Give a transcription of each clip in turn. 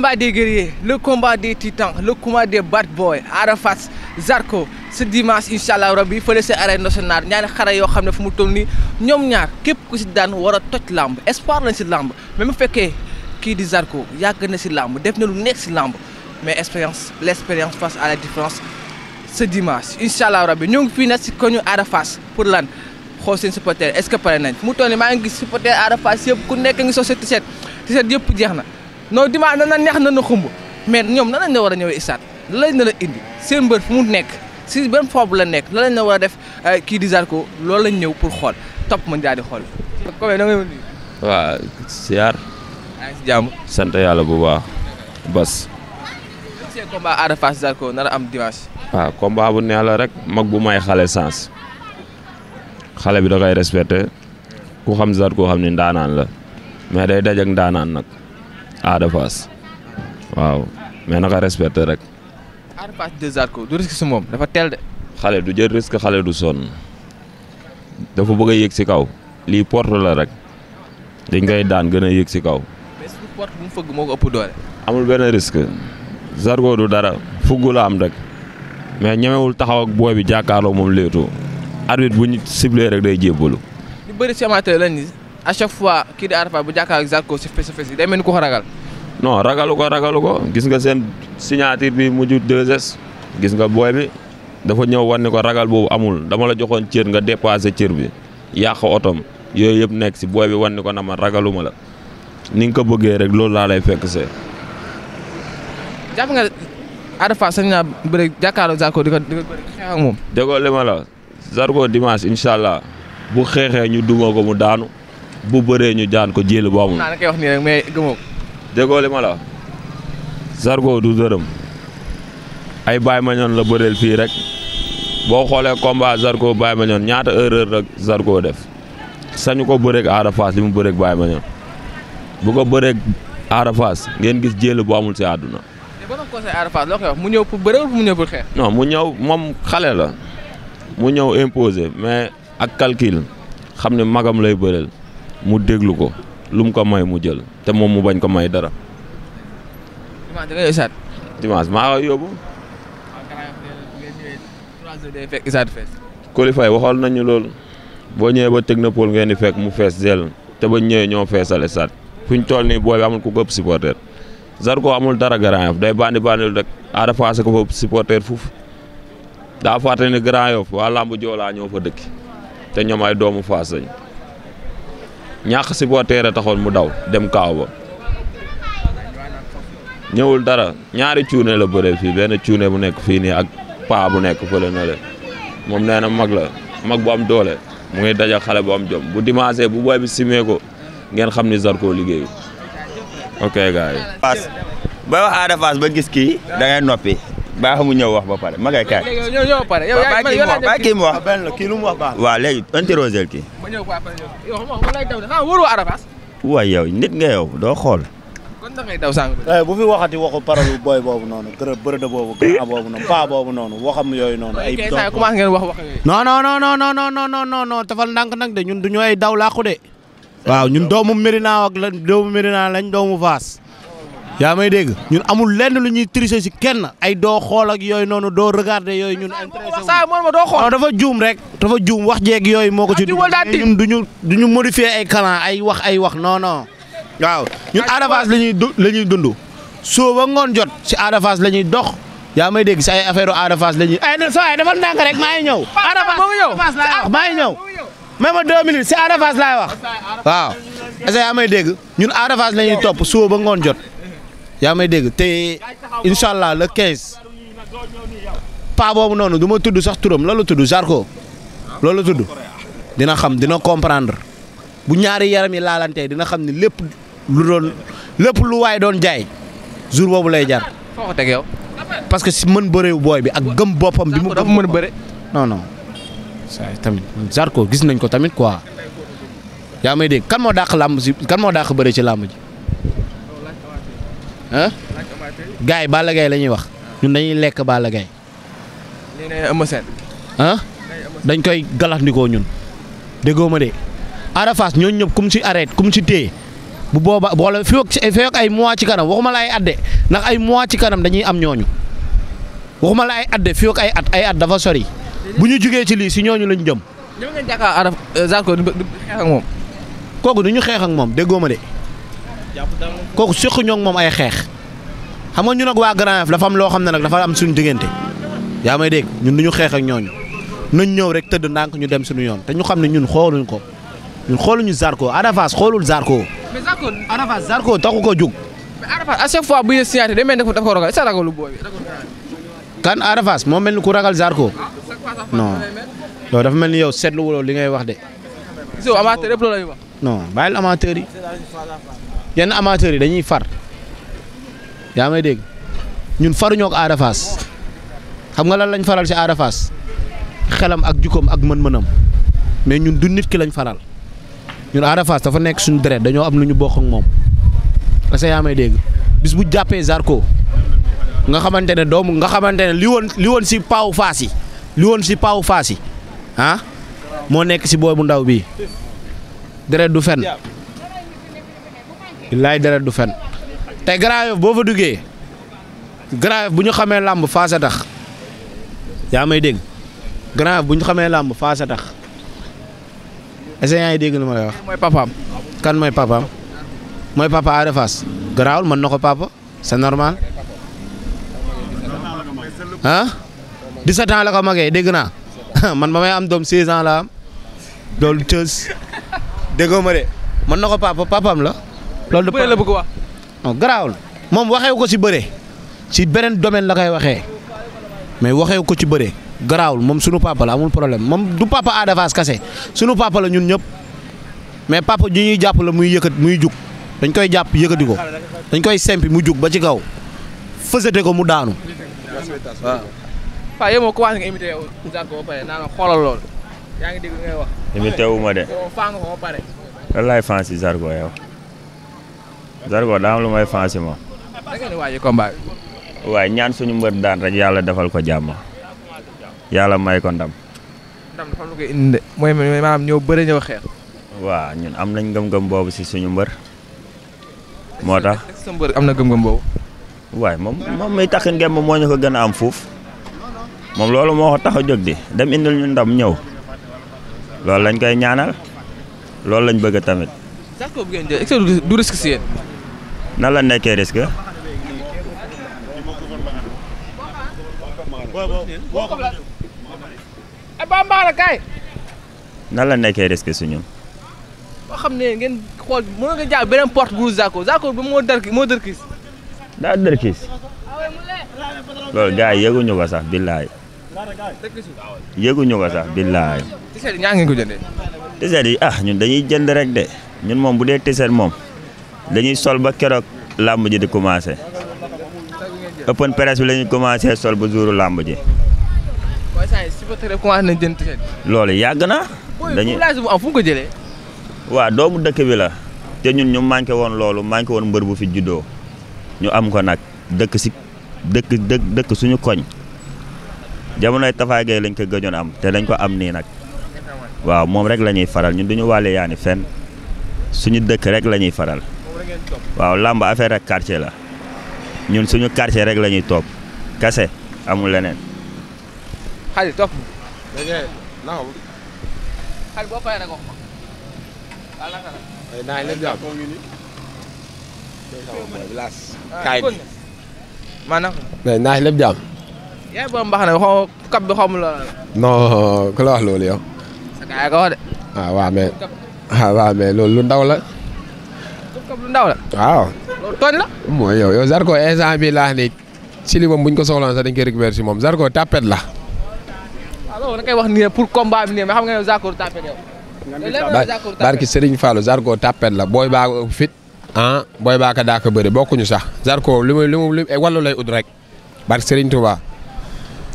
combat des guerriers le combat des titans le combat des bad boy Ada Fass Zarko ce dimanche incha allah rabbi fële sa arène national ñaari xare yoo xam ne fu mu toll nii ñoom ñaar képp ku si daan war a toj làmb espoir lañ si làmb mais mu fekkee kii di Zarko yàgg na si làmb def na lu nekk si lamb mais expérience l' expérience face à la différence ce dimanche incha allah rabbi ñoo ngi fii nag si koñu Ada Fass pour lan xool seen supporter est ce que pare nañ mu toll nii maa ngi gis supporter Ada Fass nekk ngi yëpp jeex na. non dimanche na neex na na xumb mais ñoom na lañ la war a ñëwee stade la lañ na la indi seen mbër fu mu nekk si benn foobu la nekk la lañ la war a def euh, kii di Zarko loolu lañ ñëw pour xool topp ma jaadi xool. comme da ngay siyaar. maa sant yàlla bu baax Bas. seen am dimanche. bu neex la rek mag bu may xale sens xale bi da koy respecté ku xam Zarko xam ni ndaanaan la mais day daj ak ndaanaan nag. Ada Fass waaw mais naka respecté rek. Ada Fass dësaat ko du risque si moom dafa teel de. xale du jël risque xale du sonn dafa bëgg a yëg si kaw lii porte la rek dañ ngay daan gën a yëg si kaw. mais ko ëpp doole. amul benn risque Zarko du dara fugg la am rek mais ñemewul taxaw ak booy bi jàkkaarloo moom léetoo arbitre bu ñu ciblé rek day jébbalu. ñu bëri si amateur lañ à chaque fois kii di Ada bu jàkkaarloo ak Zarko si face à face yi day ragal. ko ragalu ko gis nga seen signature bi mujj 2 gis nga booy bi dafa ñëw wan ne ko ragal boobu amul dama la joxoon cër nga dépassé cër bi yàq otom yooyu yëpp nekk si booy bi wan ko na ma ragaluma la ni nga ko bëggee rek loolu laa lay fekk see. nga Ada Fass sañ naa bëri jàkkaarloo Zarko di ko di moom. déggoo ma la Zarko dimanche incha allah bu xeexee ñu duma ko mu daanu. bu bëree ñu jaan ko jël bu amul. naa koy wax nii rek mais gëmoo du dërëm ay baay Mandione la bëreel fii rek boo xoolee combat Zarko Baye Mandione ñaata erreur rek Zarko def sañu ko bëreeg Ada Fass li mu bëreeg Baye Mandione bu ko bëreeg Ada ngeen gis jël bu amul si àdduna. mais boo mu ñëw pour bëree mu ñëw pour xeex. mu ñëw moom xale la mu ñëw imposé mais ak calcul xam ne magam lay bëreel. mu déglu ko lu mu ko may mu jël te moom mu bañ ko may dara. dimanche da ngay isaat. dimanche maa yóbbu. qualifié waxoon nañu loolu boo ñëwee ba technopole ngeen di fekk mu fees dell te ba ñëwee ñoo feesal stade fu ñu toll nii booy amul ku ko ëpp supporter Zarko amul dara Grand Yoff day bandi bandi rek Ada Fass ko fa ëpp supporter foofu daa fàttali ne Grand Yoff waa làmb joolaa ñoo fa dëkk te ñoom ay doomu Fass lañ ñàkk supporter a taxoon mu daw dem kaaw ba ñëwul dara ñaari cuune la bëree fii benn cuune bu nekk fii nii ak paa bu nekk fële na le moom nee na mag la mag bu am doole mu ngi daja xale bu am jom bu dimanche bu booy bi simee ko ngeen xam ni Zarko liggéeyu ok gars yi. Fass booy wax ba gis kii da noppi. baax mu ñëw wax ba pare ma kay kaay. yow yow pare yow wax baax kii mu wax ah, kii wax baax. waaw léegi interroger kii. ma ñëw ko après yow xam nga ah, nit nga yow doo xool. kon da ngay eh, bu fi waxati waxu paralu booy boobu noonu gërë bërëb boobu grand boobu noonu paa boobu noonu waxam yooyu noonu. ay doom ngeen wax wax yooyu. non non non non non nag de ñun du ñooy daw làqu de. waaw ñun doomu Mérina ak la doomu Mérina lañ doomu Fass yaa may dégg ñun amul lenn lu ñuy si kenn ay doo xool ak yooyu noonu doo regarder yooyu ñun. saa ma doo xool dafa juum rek. dafa juum wax jeeg yooyu moo ko ci. ñun du ñu du ñu modifier ay kalan ay wax ay wax non non. waaw ñun Ada Fass la ñuy la ñuy dund soo ba ngoon jot si Ada Fass la ñuy dox. yaa may dégg si ay affaire Ada Fass la ñuy. ay na saa waay dafa rek maa ngi ñëw. Ada Fass maa ngi ñëw. même ma deux minutes si Ada Fass laay wax. waaw est-ce que dégg ñun Ada Fass la ñuy topp soo ba ngoon jot yaa may dégg te incha allah le 15 paa boobu noonu du ma tudd sax turam loolu tudd Zarko loolu tudd dina xam dina comprendre bu ñaari yaram yi laalante dina xam ni lépp lu doon lépp lu waaye doon jaay jour boobu lay jar. foo ko parce que si mën bëreew booy bi ak gëm boppam. bi mu dafa mën bëre. non non gis nañ ko tamit quoi yaa may dégg kan moo dàq làmb si kan moo dàq bëre ci làmb ji. ah. gars yi Balla Gaye la wax. ñun dañuy lekk Balla Gaye. dañ koy galaxndikoo ñun. déggoo ma de Ada Fass ñooñu ñëpp kum si arrêté kum si téye bu booba boole fi ak ay mois ci kanam waxuma la ay at de ndax ay mois ci kanam dañuy am ñooñu waxuma la ay at de fi ay at ay at dafa sori bu ñu jugee ci lii si ñooñu lañu jëm. ñoo ngi leen euh, moom. kooku du ñu xeex moom déggoo ma de. kooku séqu ñoo ngi moom ay xeex xam nga ñu nag waa Grand Yoff dafa am loo xam ne nag dafa am suñu diggante yaa may dégg ñun nu ñu xeex ak ñooñu nañ ñëw rek tëdd ndànk ñu dem suñu yoon te ñu xam ne ñun xooluñ ko xooluñu Zarko Ada xoolul Zarko. mais Zarko taxu ko jug. mais Ada Fass bu ñu day mel ni dafa ko ragal est-ce que ragalu booy kan Ada moo mel ni ku ragal Zarko ah, non loolu dafa mel ni yow seetlu wuloo li ngay wax de. gisoo amateur yëpp loolu yenn amateurs yi dañuy far yaa may dégg ñun faruñoo ak Ada Fass xam nga lan lañ faral si Ada Fass xelam ak jukkoom ak mën-mënam mais ñun du nit ki lañ faral ñun Ada Fass dafa nekk suñu deret dañoo am lu ñu bokk moom parce que yaa may dégg bis bu jàppee Zarko nga xamante ne doomu nga xamante ne li woon li woon si paaw faas yi li woon si paaw faas yi ah moo nekk si booy bu ndaw bii deret du fen billaay deret du fen te Grand Yoff boo fa duggee Grand Yoff bu ñu xamee làmb faasa tax yaa may dégg Grand Yoff bu ñu xamee làmb faasa tax est-ce que mooy papaam. mooy papaam mooy mën na ko papa c'est normal ah 17 man ba may am doom 16 ans la am loolu ma de mën na ko papa papaam la. loolu de. bëre la bëgg wax. non garaawul moom waxee ko ci bëre si beneen domaine la koy waxee mais waxee ko ci bëre garaawul moom sunu papa la amul problème moom du papa Ada Fass kase sunu papa la ñun ñëpp mais papa ji ñuy jàpp la muy yëkka muy jug dañ koy jàpp yëkkati ko dañ koy sempi mu jug ba ci kaw fësate ko mu daanu. waaw. Paa yow moom commencé nga imité yow la xoolal ma de. faa nga ko ba Zarko daa am lu may fan si moom. waaye ñaan suñu mbër daan rek yàlla defal ko jàmm. yàlla may ko ndam. ndam dafa lu mooy ñëw bëre ñëw xeex. waaw ñun am nañ gëm-gëm boobu si suñu mbër. moo tax sa mbër am na gëm-gëm boobu. waaye moom moom muy tax ngem moo ñu ko gën a am fuuf moom loolu moo ko tax a jóg di dem indil ñu ndam ñëw loolu lañ koy ñaanal loolu lañ bëgg tamit. Zarko du risque si yéen. nan la nekkee risque. Eh, nan la nekkee risque si ñun. boo xam ne ngeen xool mën nga jaar beneen porte bu Zarko Zarko bi moo dër moo kiis. daa dër kiis loolu gars yi yëguñu ko sax billaay. yëguñu ko sax billaay. tiset ñaa ngeen ko jëndee. tiset yi a ah, ñun dañuy jënd rek de ñun moom bu dee tiset moom. dañuy sol ba keroog làmb ji di commencé open press bi la ñuy commencé sol ba jouru làmb ji. loolu yàgg na. dañuy bu fu ko jëlee. waaw doomu dëkk bi la te ñun ñu manqué woon loolu manqué woon mbër bu fi juddoo ñu am ko nag dëkk si dëkk dëkk suñu koñ jamonoy Tafa Gueye lañ ko gëjoon am te dañ ko am nii nag waaw moom rek lañuy faral ñun duñu wàlle yaani fen suñu dëkk rek lañuy faral. waaw làmb affaire ak quartier ñun suñu quartier rek lañuy ñuy topp kese amul leneen. xali topp. xali boo paree rek wax ma. naa leen bi. maanaam. naa si ku la wax loolu yow. sa gars ah, ah, lu ndaw la. lu ndaw yoo waaw. loolu tooñ la. mooy yow yow Zarko instant bi laa ni si li ko soxlaan dañ koy si moom Zarko tapet la. waaw ah, loolu da koy wax nii pour combat bi nii mais xam nga yow Zarko tapet yow. la booy baa fit ah booy baa ka daa ko bëri bokkuñu sax Zarko li muy li muy wàllu lay ut rek barki Serigne Touba.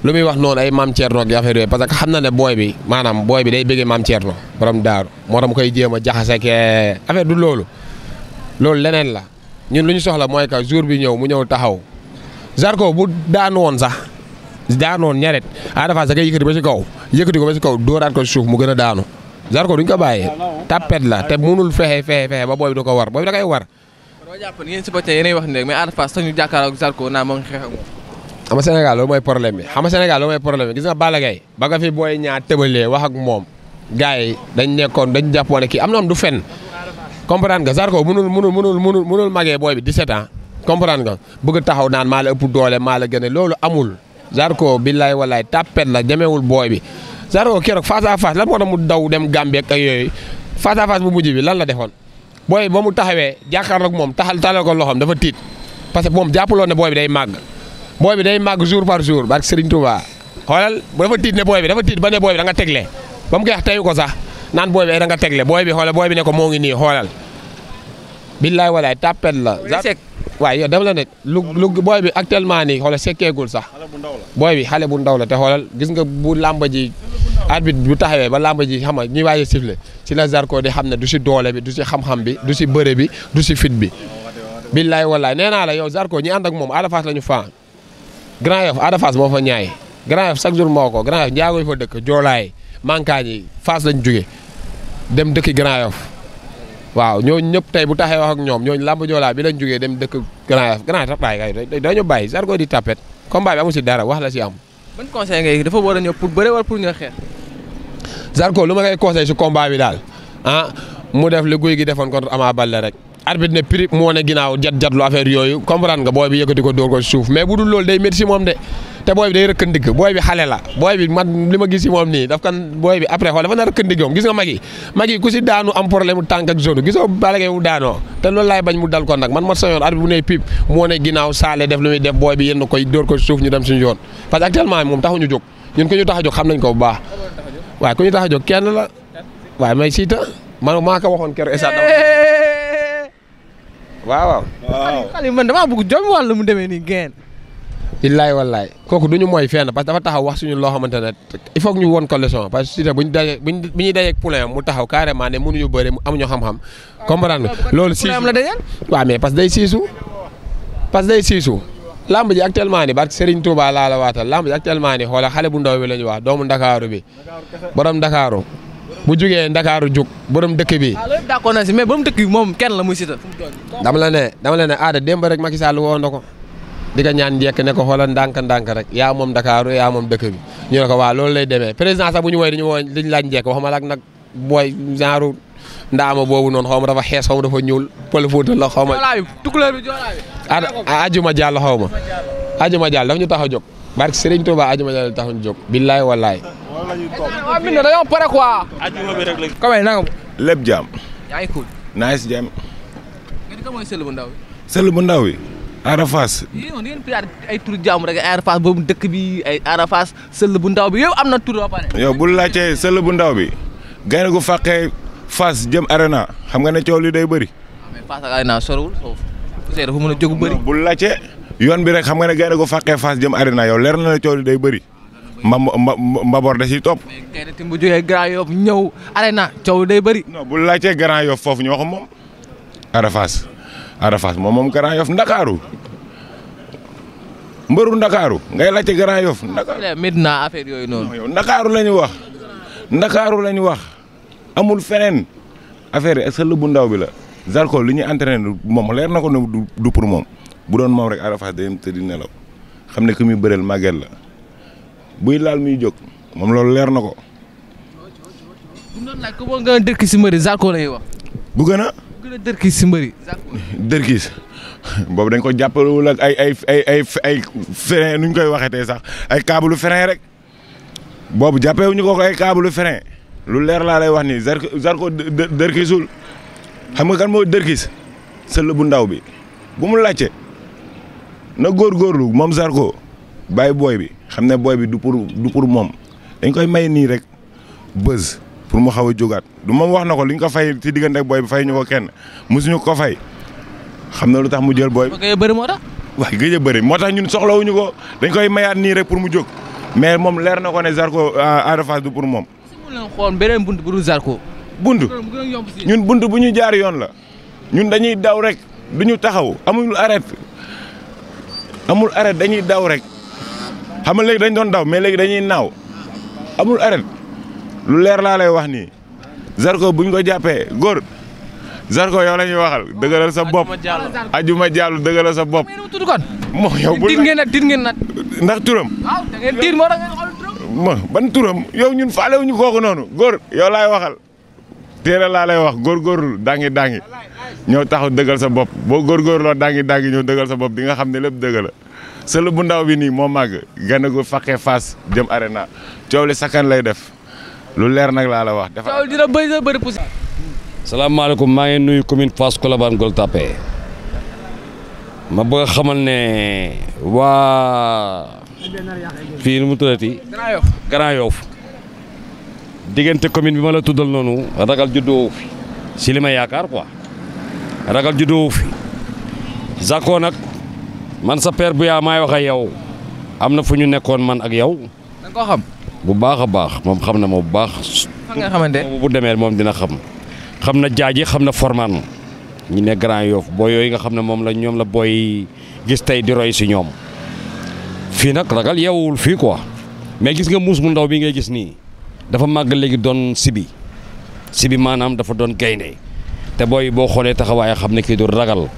lu muy wax noonu ay maam Thierno ak affaire parce que xam na ne booy bi maanaam booy bi day bëggee maam Thierno borom daaru moo tax koy jéem a jaxase eh, affaire du loolu. loolu leneen la ñun lu ñu soxla mooy que jour bi ñëw mu ñëw taxaw Zarko bu daan woon sax daan woon ñaret Ada Fass da ba ci kaw yëkkati ko ba ci kaw dóoraat ko suuf mu gën a daanu Zarko duñ ko bàyyee tapet la te mënul fexe fexe fexe ba booy bi da ko war booy bi war. doo jàpp ni yéen supporters yéenay wax ne mais Ada Fass sax ñu jàkkaarloo ak Zarko naa moo ngi mooy problème bi xam nga Sénégal mooy problème bi gis nga Balla Gaye ba nga fi booy ñaar tëbalee wax ak moom gars dañ nekkoon dañ jàppoon ne kii am na am du fen comprendre nga Zarko mënul mënul mënul mënul mënul magee booy bi 17 ans comprendre nga bëgg taxaw naan maa la ëpp doole maa la gën a loolu amul Zarko billaay walaay tàppet la demewul booy bi Zarko keroog face à face lan moo tax mu daw dem Gambie ak yooyu face à face bu mujj bi lan la defoon booy bi ba mu taxawee jàkkaarloog moom taxal talal ko loxoom dafa tiit parce que moom jàppaloon ne booy bi day màgg booy bi day màgg jour par jour barke Serigne Touba xoolal dafa tiit ne booy bi dafa tiit ba ne booy bi da nga tegle ba mu koy wax teyu ko sax. naan booy bi da nga tegle booy bi xoolal booy bi ne ko moo ngi nii xoolal. billaay walaay tàppet la. waaye yow dama la ne lu lu booy bi actuellement nii xoolal sekkeegul sax. booy bi xale bu ndaw la te xoolal gis nga bu làmba ji. arbitre bu taxawee ba làmba ji xam nga ñuy waaye sifflé ci la Zarko di xam ne du si doole bi du si xam-xam bi du si bëre bi du si fit bi. billaay walaay nee naa la yow Zarko ñi ànd ak moom Ada Fass la ñu faa. Grand Yoff Ada Fass moo fa ñaay Grand Yoff chaque jour moo ko Grand Yoff njaago fa yi Fass lañ jóge dem dëkk Grand Yoff waaw ñooñu ñëpp tey bu taxee wax ak ñoom ñooñ làmb joolaa bi lañ jógee dem dëkk Grand Yoff Grand Yoff bàyyi kay dañu bàyyi Zarko di tapet combat bi amu si dara wax la si am. ban conseil ngay dafa war a ñëw pour bëre wala pour nga xeex. lu ma koy conseil si combat bi daal ah mu def li guy gi defoon contre amaa Baldé rek arbitre ne prix moo ne ginnaaw jat jat lu affaire yooyu comprendre nga booy yëkkati ko dóor ko suuf mais bu dul loolu day métti moom de te booy day rëkk ndigg booy bi la booy bi man gis si moom nii daf kan booy après xool dafa na rëkk ndiggoom gis nga mag yi ku si daanu am problème mu tànk gisoo balagee mu daanoo te loolu laay bañ mu dal ko nag man ma sañoon arbitre bu ne pip moo ne ginnaaw saale def lu muy def booy bi yenn ko suuf a jóg xam nañ ko bu baax waaye ku ñu tax a jóg kenn la waaye may siita man maa ko waxoon keroog waaw waaw. xale man damaa bëgg jom wàll mu demee nii geen. illaay wallaay kooku du ñu mooy fenn parce que dafa taxaw wax suñu loo xamante ne il faut ñu woon ko leçon parce que Siteu bu ñu dajee bu ñuy dajeeg poulain mu taxaw carrément ne mënuñu bëre amuñu xam-xam. comprendre nga loolu siisu la dajal. waaw mais parce que day siisu parce que lamb ji actuellement ni barke Serigne Touba laa la waatal lamb ji actuellement ni xoola xale bu ndaw bi la ñu wax doomu Ndakaaru bi borom Ndakaaru bu jugee ndakaaru jug borom dëkk bi. waaw ah, loolu d'accord na si mais borom dëkk bi moom kenn la muy Siteu. dama la ne dama la ne aada démb rek Macky Sall woo na ko di ñaan njëkk ne ko xoolal ndànk-ndànk rek yaa moom Dakar yaa moom dëkk bi ñu ne ko waaw loolu lay demee président sax bu ñu woowee dañu woo dañu laaj njëkk waxuma la ak nag booy genre ndaama boobu noonu xaw ma dafa xees xaw ma dafa ñuul pël Fuuta la xaw ma. joolaa bi tukulóor bi joolaa bi. Ah, ajuma jàll xaw ma. ajuma jàll dafa ñu tax a jóg. barke to Touba ajuma jàll la ñu jóg. billaay wallaay loolu la ñuy toog. waaw Mbine dañoo pare quoi. ajjuma bi rek la. Kamay na nga. lépp jaam. yaa ngi cool. nice jaam. nga ni ka mooy sël bu ndaw bi. sël bu ndaw bi. Arafas. yéen woon yéen ay turu jàmm rek ay Arafas boobu dëkk bi ay Arafas sël bu ndaw bi yow am na tur ba pare. yow bu laajtee sël bu ndaw bi. gaynde gu fàqee Fass jëm arena xam nga ne coow li day bëri. Ah, mais Fass ak arena sorowul foofu. dafa mën a jóg bëri. bu laajte yoon bi rek xam nga ne gaynde gu fàqee Fass jëm arena yow leer na ne coow li day bëri. mba mbaboor da ciy topp. mais tim bu jógee Grand Yoff ñëw arena coow day bëri. non bu laajtee Grand Yoff foofu ñu wax moom. Arafas Arafas moom moom Grand Yoff Ndakaaru mbëru Ndakaaru ngay laajte Grand Yoff. Ndakaaru mit naa affaire yooyu noonu. yow Ndakaaru la ñu wax. Ndakaaru la ñu wax amul feneen affaire yi est bu ndaw bi la. Zarko li ñuy entraîné moom leer na ko ne du moom bu doon moom rek Arafas day tëdd nelaw xam ne ku muy bëreel màgget la. buy laal muy jóg moom loolu leer na ko. bu ko boo gën a dërki si mbëri Zarko lay wax. bu gën a. bu gën si mbëri. dërki boobu dañ ko jàppalewul ak ay ay ay ay ay frein nu ñu koy waxeetee sax ay kaabalu frein rek boobu jàppewuñu ko ko ay kaabalu frein lu leer laa lay wax ni Zarko Zarko dërkisul xam nga kan moo dërkis sëll bu ndaw bi bu mu laajte na góor góorlu moom Zarko. baay booy bi xam ne booy bi du pour du pour moom dañ koy may nii rek bës pour mu xaw a jógaat du moom wax na ko li ñu ko fay ci diggante booy bi fay ñu ko kenn mosuñu ko fay xam na lu tax mu jël booy bi. bëri moo tax. waaw a bëri moo tax ñun soxlawuñu ko dañ koy mayaat nii rek pour mu jóg mais moom leer na ko ne Zarko euh, Ada Fass du pour moom. su beneen bunt bu dul sarko bunt ñun bunt bu ñu jaar yoon la ñun dañuy daw rek du ñu taxaw amul arrêt amul arrêt dañuy daw rek. xam nga léegi dañ doon daw mais léegi dañuy naaw amul arrêt lu leer laa lay wax ni Zarko buñ ko jàppee góor Zarko yow la ñuy waxal dëgëral sa bopp. ajuma jàllu dëgëral sa bopp. mo yow bu ndax turam. ma ban turam yow ñun faale wuñu kooku noonu góor yow laay waxal. téere laa lay wax góorgóorlu dangi dangi ñoo taxaw dëggal sa bopp boo góorgóorloo dangi dangi ñoo dëggal sa bopp di nga xam ne lépp dëgg la. sël bu ndaw bi nii moo màgg gane gu faqee Fass jëm arena coow li sakkan lay def lu leer nag laa la wax. dafa coow dina bëri dina bëri pousse. salaamaaleykum maa ngi nuyu commune Fass Colobane Gueule Tapée ma bëgg xamal ne waa fii nu mu tuddati. Grand Yoff diggante commune bi ma la tuddal noonu ragal juddoo fi si li ma yaakaar quoi ragal juddoo fi Zakko nag. man sa per bu yaa maay wax ak yow am na fu ñu nekkoon man ak yow. da bu baax a baax moom xam na ma bu baax. nga xamante bu demee moom dina xam. xam na jaaji xam na forman ñu ne Grand Yoff boo yooyu nga xam ne moom la ñoom la booy gis tey di roy si ñoom. fii nag ragal yeewul fii quoi mais gis nga muus mu ndaw bi ngay gis nii dafa màgg léegi doon sibi sibi maanaam dafa doon gaynde te booy boo xoolee taxawaay xam ne kii du ragal.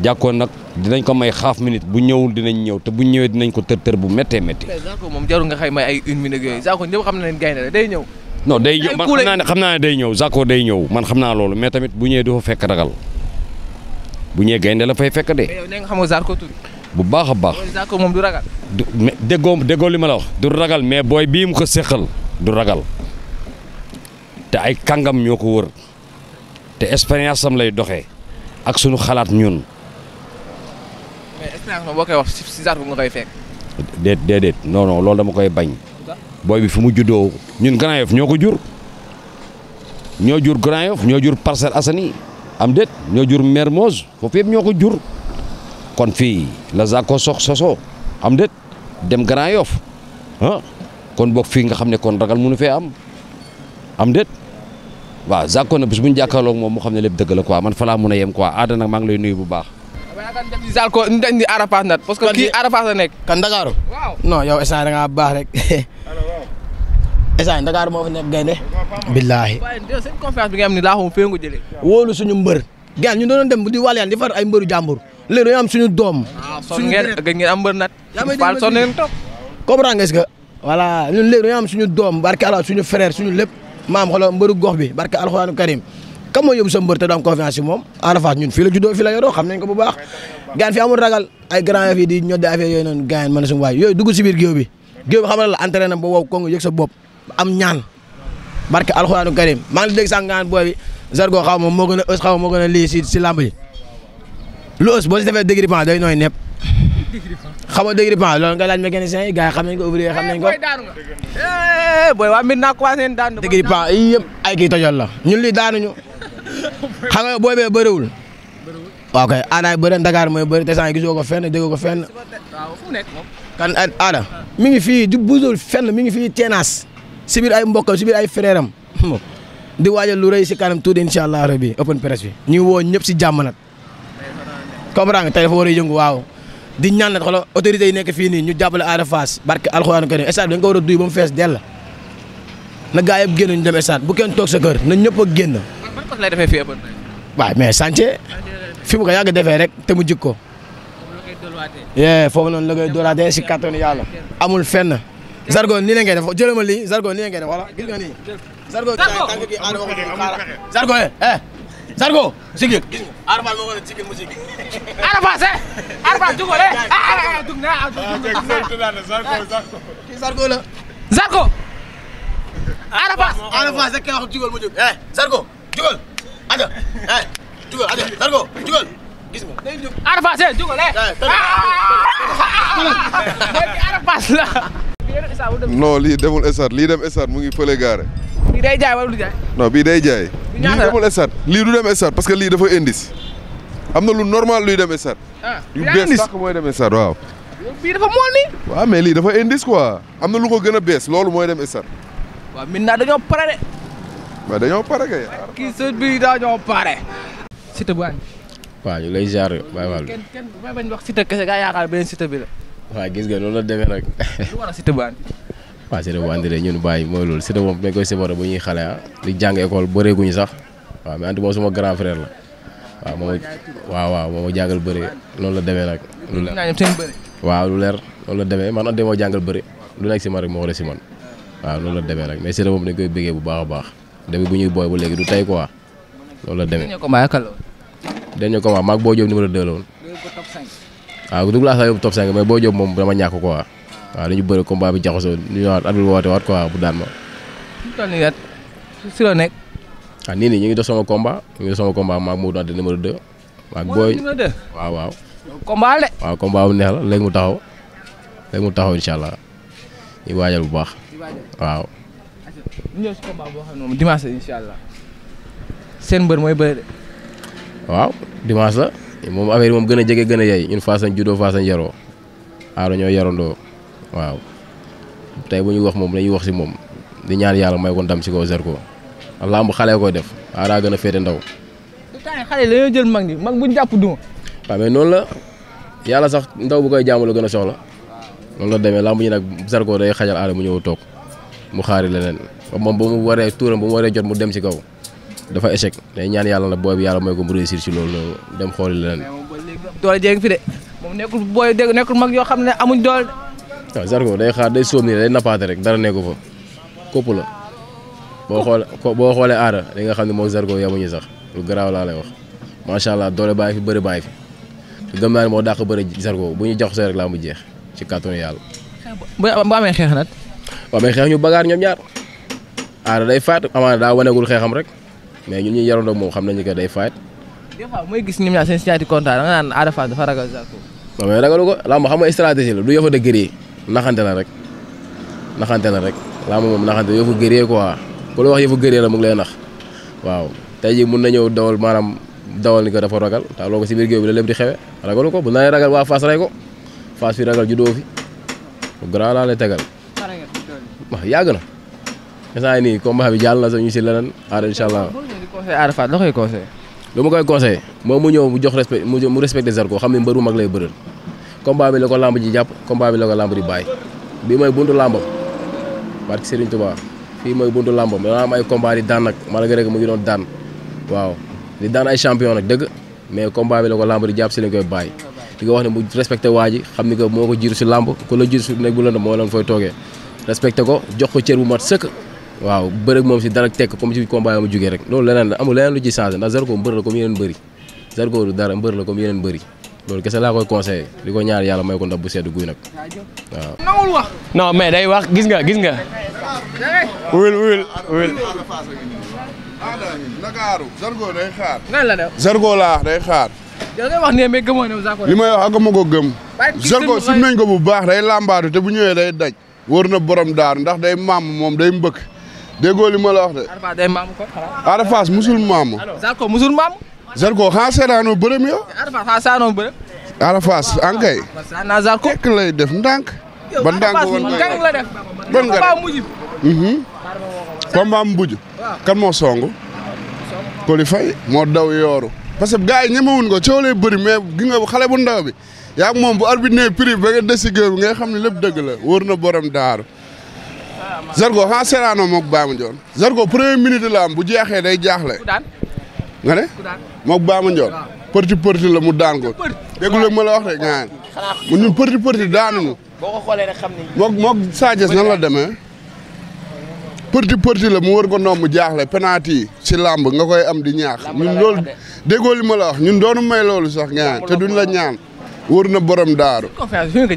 jàkkoon nag dinañ ko may xaaf minute bu ñëwul dinañ ñëw te bu ñëwee dinañ ko tër tër bu méttee métti. Zarko moom jarul nga xay may ay une minute yooyu Zarko ñëpp na leen gaynde day ñëw. non day ñëw man xam naa ne xam naa day ñëw Zarko day ñëw man xam naa loolu mais tamit bu ñëwee du fa fekk ragal bu ñëwee gaynde la fay fekk de. mais yow nga xamoo Zarko tur bu baax a baax Zarko moom du ragal. du mais déggoo li ma la wax. du ragal mais booy bii mu ko séqal du ragal te ay kàngam ñoo ko wër te expérience am lay doxee ak sunu xalaat ñun mais expérience moom koy wax si saako nga koy fekk. déet déedéet loolu dama koy bañ. booy bi fu mu juddoo ñun Grand Yoff ñoo ko jur. ñoo jur Grand Yoff ñoo jur Parcelles Assainies am déet ñoo jur Mermoz foofu yëpp ñoo ko jur kon fii la Zarko sox soso am déet dem Grand Yoff ah kon boog fii nga xam ne kon ragal mënu fee am am déet waaw Zarko na bis bu ñu jàkkaarloog moom mu xam ne lépp dëgg la quoi man fa laa a yem quoi aada nag maa ngi lay nuyu bu baax. daal ko ñu dañ di Arafat nag parce que kii Arafat la nekk. yow instant da ngaa baax rek instant Ndakaaru moo billaahi. waaye bi nga xam fee nga jëlee. wóolu suñu mbër. gaan ñu doon dem di wàllyaan di far ay mbëru jàmbur léegi dañoo am suñu doom. Ah, suñu ngeen gën ngeen am mbër nag. yaa may dégg sonn ngeen toog. suñu doom barke Allah suñu frère suñu lépp maam xoolal mbëru gox bi barke alxuraanu karim kam moo yóbbu sa mbër te doo am confiance ci moom Ada Fass ñun fii la juddoo fii la yoroo xam nañ ko bu baax gaan fi amul ragal ay grand yëf yi di ñodde affaire yooyu noonu gaan mën na suñu yooyu dugg ci biir géew bi géew la entraîné na ba wow ko nga yëg am ñaan barke alxuraanu karim maa ngi dégg sànq ngaan Zargo xaw moo gën a a lii ci ci làmb lu ës boo ci defee dégrippant day nooy nepp xam nga dégrippant loolu nga laaj mécanicien yi gars eh, eh, ñun lii daanuñu xam nga booy bee bëriwul. waaw kay aadaay bëre Dakar mooy bëri te sànq gisoo ko fenn déggoo ko fenn. kan aada mi ngi fii di buusul fenn mi ngi fii teenaas si biir ay mbokkam si biir ay frère am di waajal lu rëy si kanam tuuti incha allah rabi open press bi ñu woo ñëpp si jàmm nag comprendre nga tey dafa war a yëngu waaw di ñaan nag xoolal autorités yi nekk fii ni ñu jàppale Ada Fass barke alxuraan karim stade bi dañ ko duy na gaa yëpp génn ñu dem bu kenn toog sa kër na ñëpp a génn. naka lay defee mais chantier fi mu ko yàgg defee rek te mu ko. foofu noonu la koy doraatee si kattanu yàlla. amul fenn. Zargo la ngay def jëlee ma lii Zargo nii la ngay def Zargo tànk Zargo eh, eh, Zargo Zargo Zargo. jugal aja eh jugal aja eh. eh, ah! lii demul esat lii dem esat mu ngi fële gaare. bii day jaay wala du jaay. bii day jaay. lii demul esat lii du dem esat parce que lii dafa indice. am na lu normal luy dem esat. Ah, yu bees sax mooy dem esat waaw. bii dafa mool nii. waaw mais lii dafa indice quoi am na lu ko gën a bees loolu mooy dem esat. waaw maintenant dañoo pare de. mais dañoo pare kay. lay ziar bàyyi wàll. kenn kenn may bañ wax Siteu kese gaa gis nga noonu la demee nag. lu war a Siteu bu añ. waaw Siteu bu añ de ñun bàyyi mooy loolu Siteu moom dañ koy séparé ñuy xale ah, di jàng école bëreeguñu sax waaw mais anti moom suma grand frère la. waaw moom waaw waaw moom moo loolu la waaw lu leer loolu la demee man ante moo jàngal lu nekk si man rek moo war a si man waaw loolu la demee nag mais Siteu moom dañ koy bëggee bu baax a baax. depuis bu ñuy booy ba léegi du tey quoi loolu la demee. dernier combat maag mag boo numéro 2 la woon. waaw dugg laa saa yóbbu top 5 mais Boy moom dama ñàkk quoi. waaw dañu bëri combat bi jaxasoo ñu ñëwaat at bi woote waat quoi bu daan ma. si la nekk. ah ñu ngi dox sama combat ñu ngi dox sama combat maag Modou Anta numéro 2. maag Boy waaw waaw. combat bu neex la mu taxaw léegi mu taxaw incha allah waajal bu baax. ñu ñëw si combat boo xam ne la incha allah seen mbër mooy bëre de. waaw dimanche la moom affaire moom gën a jege gën a yey ñun Fassane juddoo Fassane yaroo aaro ñoo yarandoo waaw tey bu ñu wax moom dañuy wax si moom di ñaan yàlla may ko ndam si kaw Zarko làmb xale koy def aaraa gën a féete ndaw. temps xale la jël mag ni mag bu ñu jàpp duma. waaw noonu la yàlla sax ndaw bu koy jaamu gën a soxla noonu la demee làmb ñu nag Zarko day xajal aara mu ñëw toog mu xaari leneen. moom ba mu waree tuuram ba mu waree jot mu dem ci kaw dafa échec day ñaan yàlla na booy bi yàlla mooy ko mu ci loolu dem xooli leneen. doole jéeg fi de moom nekkul mag yoo xam ne amuñ doole. waaw Zarko day xaar day sóob nii day nappaate rek dara nekku fa kopp la boo xoolee boo xoolee aada li nga xam ne moom Zarko yemuñu sax lu laa lay wax macha doole bàyyi fi bëri bàyyi fi te gëm naa ne moo dàq bëri Zarko bu ñu jaxasoo rek laa mu jeex ci kàttanu yàlla. bu amee xeex nag. waaw mais xeex ñu bagaar ñoom ñaar. aada day faat amaana daa wanegul xeexam rek ñu ñun ñuy yarandoo moom xam nañu que day faat. des fois mooy gis ñoom ñaar seen signature contrat da nga naan Ada Fass dafa ragal Zarko. non mais ko làmb xam nga stratégie la du yëfa de gëree naxante la rek naxante la rek làmb moom naxante yëfu gëree quoi ku la wax yëfu gëree la mu ngi lay nax waaw tey jii mun na ñëw dawal maanaam dawal ni ko dafa ragal te loo ko si biir géew bi la lépp di xewe ragalu ko bu naa ragal waa Fass rey ko Fass fi ragal juddoo fi bu grand laa lay tegal. instant yii nii combat bi jàll na sax ñu si leneen aar incha allah. loo koy conseillé. lu ma koy conseillé moom mu ñëw mu jox respect mu respecté Zarko xam ne mbër bu mag lay bëral combat bi la ko lamb ji jàpp combat bi la ko lamb di bàyyi bii mooy buntu lambam barke Serigne Touba fii mooy buntu lambam dana am ay combat di daan nag mu doon daan waaw daan ay champion nag dëgg mais la ko jàpp si lañ koy bàyyi. di nga wax ne mu respecté waa ji xam ni que moo ko jiitu si lamb ku la jiitu si nekk bu lënd moo leen fooy toogee respecté ko jox ko cër bu mat sëkk. waaw bërëg moom si dara tekk comme ci combat yi ma rek loolu leneen la amul leneen lu ci changé ndax Zarko mbër la comme yeneen bëri Zarko du dara loolu kese laa koy conseillé di ko ñaar yàlla may ko ndab bu sedd guy nag waaw. nangul day wax gis nga gis nga. wuyul Zarko la laa day xaar. da li may wax ma ko gëm. Zarko sim nañ ko bu baax day làmbaatu te bu ñëwee day daj. wër na borom daar ndax day maam moom day mbëkk. déggoo li ma la wax de. Arba day maamu ko xanaa. Ada Fass musul maamu. Zarko musul maamu. Zarko xanaa seetaanoo bërëm yow. Ada Fass def ndànk. ba ndànk nga def. ban nga mhm. moo songu. Coly Faye moo daw yooru. parce que gars yi ñemewuñ ko coow lay bëri mais gi nga xale bu ndaw bi yaa moom bu arbitre ne prix ba nga desi géew bi nga xam ne lépp dëgg la wóor na borom daaru. Zarko xanaa Serrano moog Baama Ndione. Zarko première minute la bu jeexee day jaaxle. nga ne. moog Baama Ndione. përti përti la mu daan ko. déglu ma la wax rek nga mu ñun përti përti daanuñu. boo ko moog moog Sadio la demee. përti përti la mu wër ko noom mu jaaxle penalty si làmb nga koy am di ñaax ñun loolu déggoo li ma la wax ñun doonu may loolu sax nga te du la ñaan wër na borom daaru. confiance fi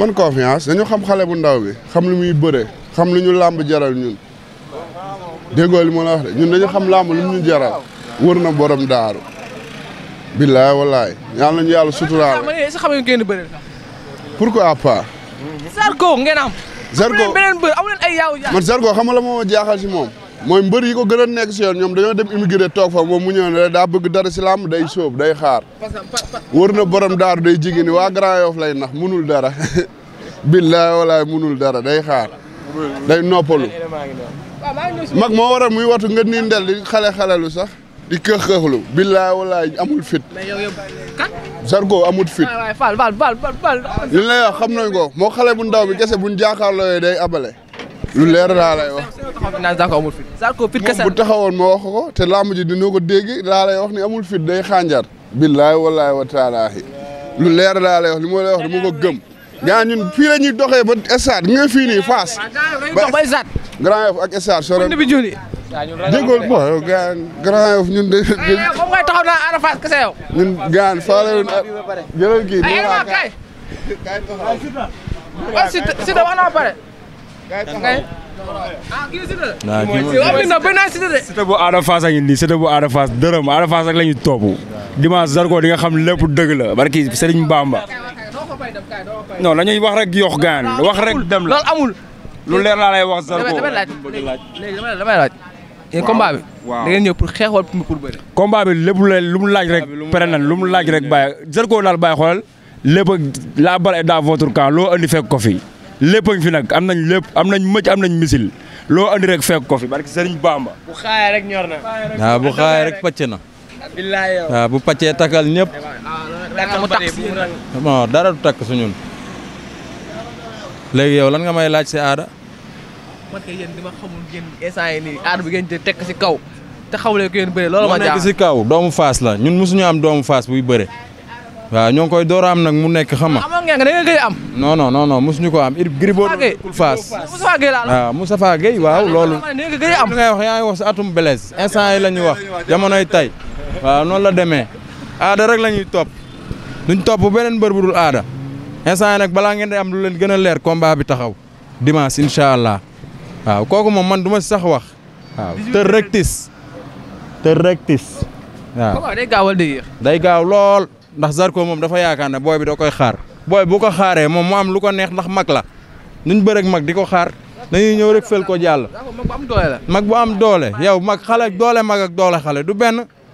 nga ko xam xale bu ndaw bi xam lu muy bëree. xam li ñu làmb jaral ñun déggoo li la wax de ñun dañu xam làmb lu mu ñu jaral na borom daaru billaay walaay yàlla nañu yàlla suturaal pourquoi pas. Zarko ngeen am. Zarko beneen mbër amu leen ay yaaw man Zarko xam nga la moo jaaxal si moom mooy mbër yi ko gën a nekk si yoon ñoom dañoo dem immigré toog fa moom mu ñëw ne daa bëgg dara si làmb day sóob day xaar wër na borom daaru day jigéen ni waa Grand Yoff lay nax munul dara billaay walaay munul dara day xaar day noppalu mag moo waral muy watu nga nii ndel di xale xalelu sax di këx këxlu billaay walaay amul fit Zarko amul fit li lay wax xam nañ ko moo xale bu ndaw bi kese buñ jàkkaarloo yooyu day abale lu leer laa lay wax bu taxawoon ma wax ko te làmb ji dina ko dégg laa lay wax ni amul fit day xànjar billaay walaay wa taalaahi lu leer laa lay wax li ma lay wax dama ko gëm gaa ñun fii la ñuy ba stade nga fii nii Fass. Grand Yoff ak stade sore déggoo bon Grand Yoff ñun de. Eh, moom ngay taxaw naa Ada Fass kese yow. gaan faale wu jëlal kii nii eh, waa kay. Oh, Siteu wax na pare. ah kii Siteu la. waaw kii moom Siteu bu Ada Fass a ngi nii Siteu bu Ada Fass dërëm Ada Fass di nga xam lépp dëgg la barki Serigne Bamba. non dañuy wax rek yox gaan wax rek dem la loolu amul. lu leer laa lay wax Zarko damay laaj léegi damay laaj. waaw combat bi. waaw da pour xeex wala pour bëri. combat bi laaj rek. pare nan lu mu laaj rek bàyyi Zarko daal bàyyi xoolal. lépp la balle est dans votre andi fekk ko fi. lépp fi nag am nañ lépp am nañ mëcc am nañ misil loo andi rek fekk ko fi barke Serigne Bamba. bu xaayee rek ñor na. waaw na. waaw bu pàccee takkal ñëpp. dara du takk suñun léegi yow lan nga may laaj si aada. parce que yéen dama instant yi aada bi ngeen di tekk si kaw. te xawle ko yéen bëree loolu ma nekk si kaw doomu faas la ñun mosuñu am doomu faas buy bëre. waa ñoo ngi koy door am nag mu nekk xam nga. amoon ngeen da ngeen koy ko am. Giribaud faas Moustapha Gueye laa waaw Moustapha Gueye waaw loolu. da ngay wax yaa ngi wax si atum belees instant yi la ñuy wax jamonoy tey. waaw noonu la demee aada rek la ñuy topp duñ topp beneen mbër bu aada instant nag balaa ngeen di am lu leen gën a leer kombaa bi taxaw dimanche incha allah waaw kooku moom man du ma si sax wax waaw tër rek tis tër rek tis waaw day gaaw lool ndax Zarko moom dafa yaakaar ne booy bi doo koy xaar booy bu ko xaaree moom mu am lu ko neex ndax mag la nuñ bërek mag di ko xaar dañuy ñëw rek fël ko jàll mag bu am doole yow mag xale doole mag ak doole xal du benn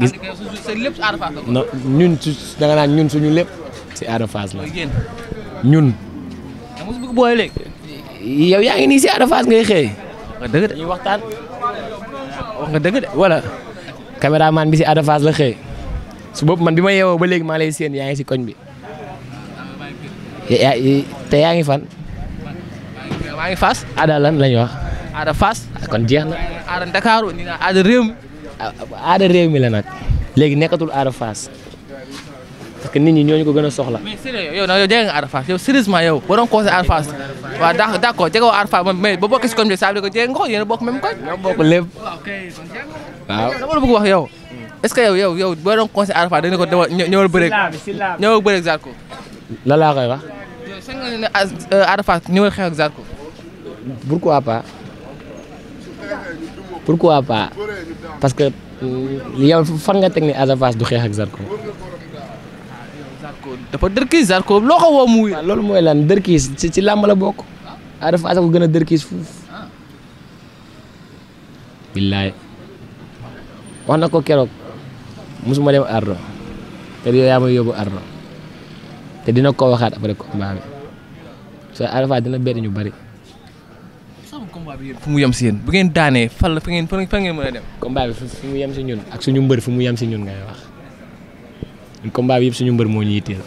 gis na ñun su da naan ñun suñu lépp si Ada Fass la ñun. yow yaa ngi nii si Ada Fass ngay xëy. wax nga dëgg waxtaan. wax nga dëgg de wala. caméraman bi si Ada Fass la xëy su bopp man bi ma yeewoo ba léegi maa lay séen yaa ngi si koñ bi te yaa ngi fan. maa ngi Fass. Ada lan wax. Ada Fass. kon jeex na. Ada Ndakaaru Ada réew aada réew mi la nag léegi nekkatul aada Fass parce que nit ñi ñooñu ko gën a soxla. mais sérieux yow nag yow jege nga aada Fass yow sérieusement yow waroon conseil aada Fass waaw d' accord jege woo ko jege nga ko yéen a bokk même koñ. ñoo bokk wax yow est yow yow yow boo doon conseil aada Fass da nga ko demal ñëwal bëreeg ñëwal bëreeg Zarko. la laa koy wax. yow sën nga ne aada pourquoi pas parce que euh, yow fan nga teg ni Ada du xeex ak Zarko. Zarko dafa dërkiis Zarko loo ko woo muy. loolu mooy lan dërkiis ci ci la bokk. Ada Fass ko gën a dërkiis fuuf. billaay wax na ko keroog mosuma dem ardo te yow yaa may yóbbu ardo te dina ko waxaat après combat bi so Ada Fass dina bett ñu bari. combat fu mu yem si yéen bu ngeen daanee fan la fa ngeen fa ngeen mën ñun ak suñu mbër fu mu ñun ngay wax ñun combat bi yëpp suñu mbër moo ñu yitteel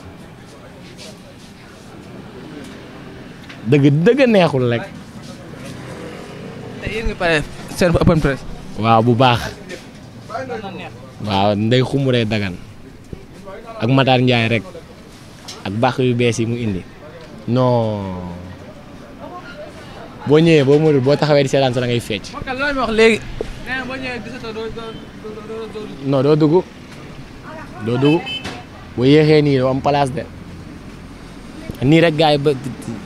dëgg dëgg neexul rek. waaw bu baax. waaw ndey xumuree dagan ak Matar Ndiaye rek ak baax yu bees yi mu indi non. boo ñëwee boo mënul boo taxawee di seetaan sa da ngay fecc. non doo dugg doo dugg bu yéexee nii doo am place de nii rek gars yi ba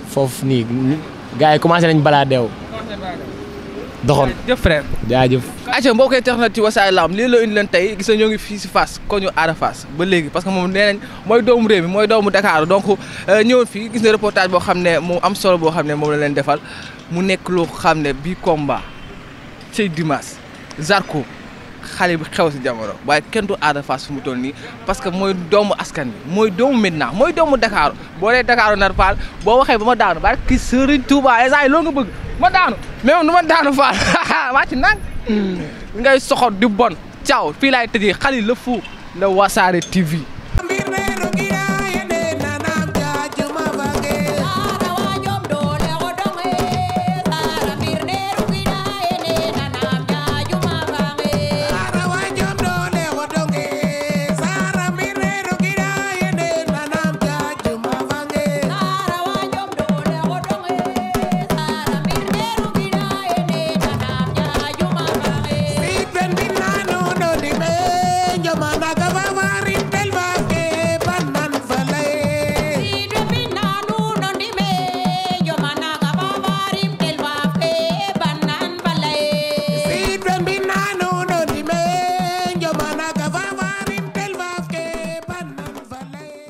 foofu nii gars yi commencé nañ balaa deew doxoon jëf frère jaajëf aco koy tax na ci Wassare Lamb lii la indi leen tey gis na ñoo ngi fii si Fass ko ñu aara Fass ba léegi parce que moom nee mooy doomu réew mi mooy doomu Dakar donc euh, ñëwoon fii gis na reportage boo xam ne mu am solo boo xam ne moom la leen defal mu nekk loo xam ne bii komba ci Dimanche Zarko xale bi xew si jamono waaye kenn du Ada Fass fu mu toll nii parce que mooy doomu askan bi mooy doomu Médina mooy doomu Dakar boo dee nar faal boo waxee ba ma daanu ba ki Serigne Touba esaay eh, loo nga bëgg ma daanu mais moom du ma daanu faal wàcc nag hmm. ngay soxor di bon caaw fii laay tëjee xale la la Wassare TV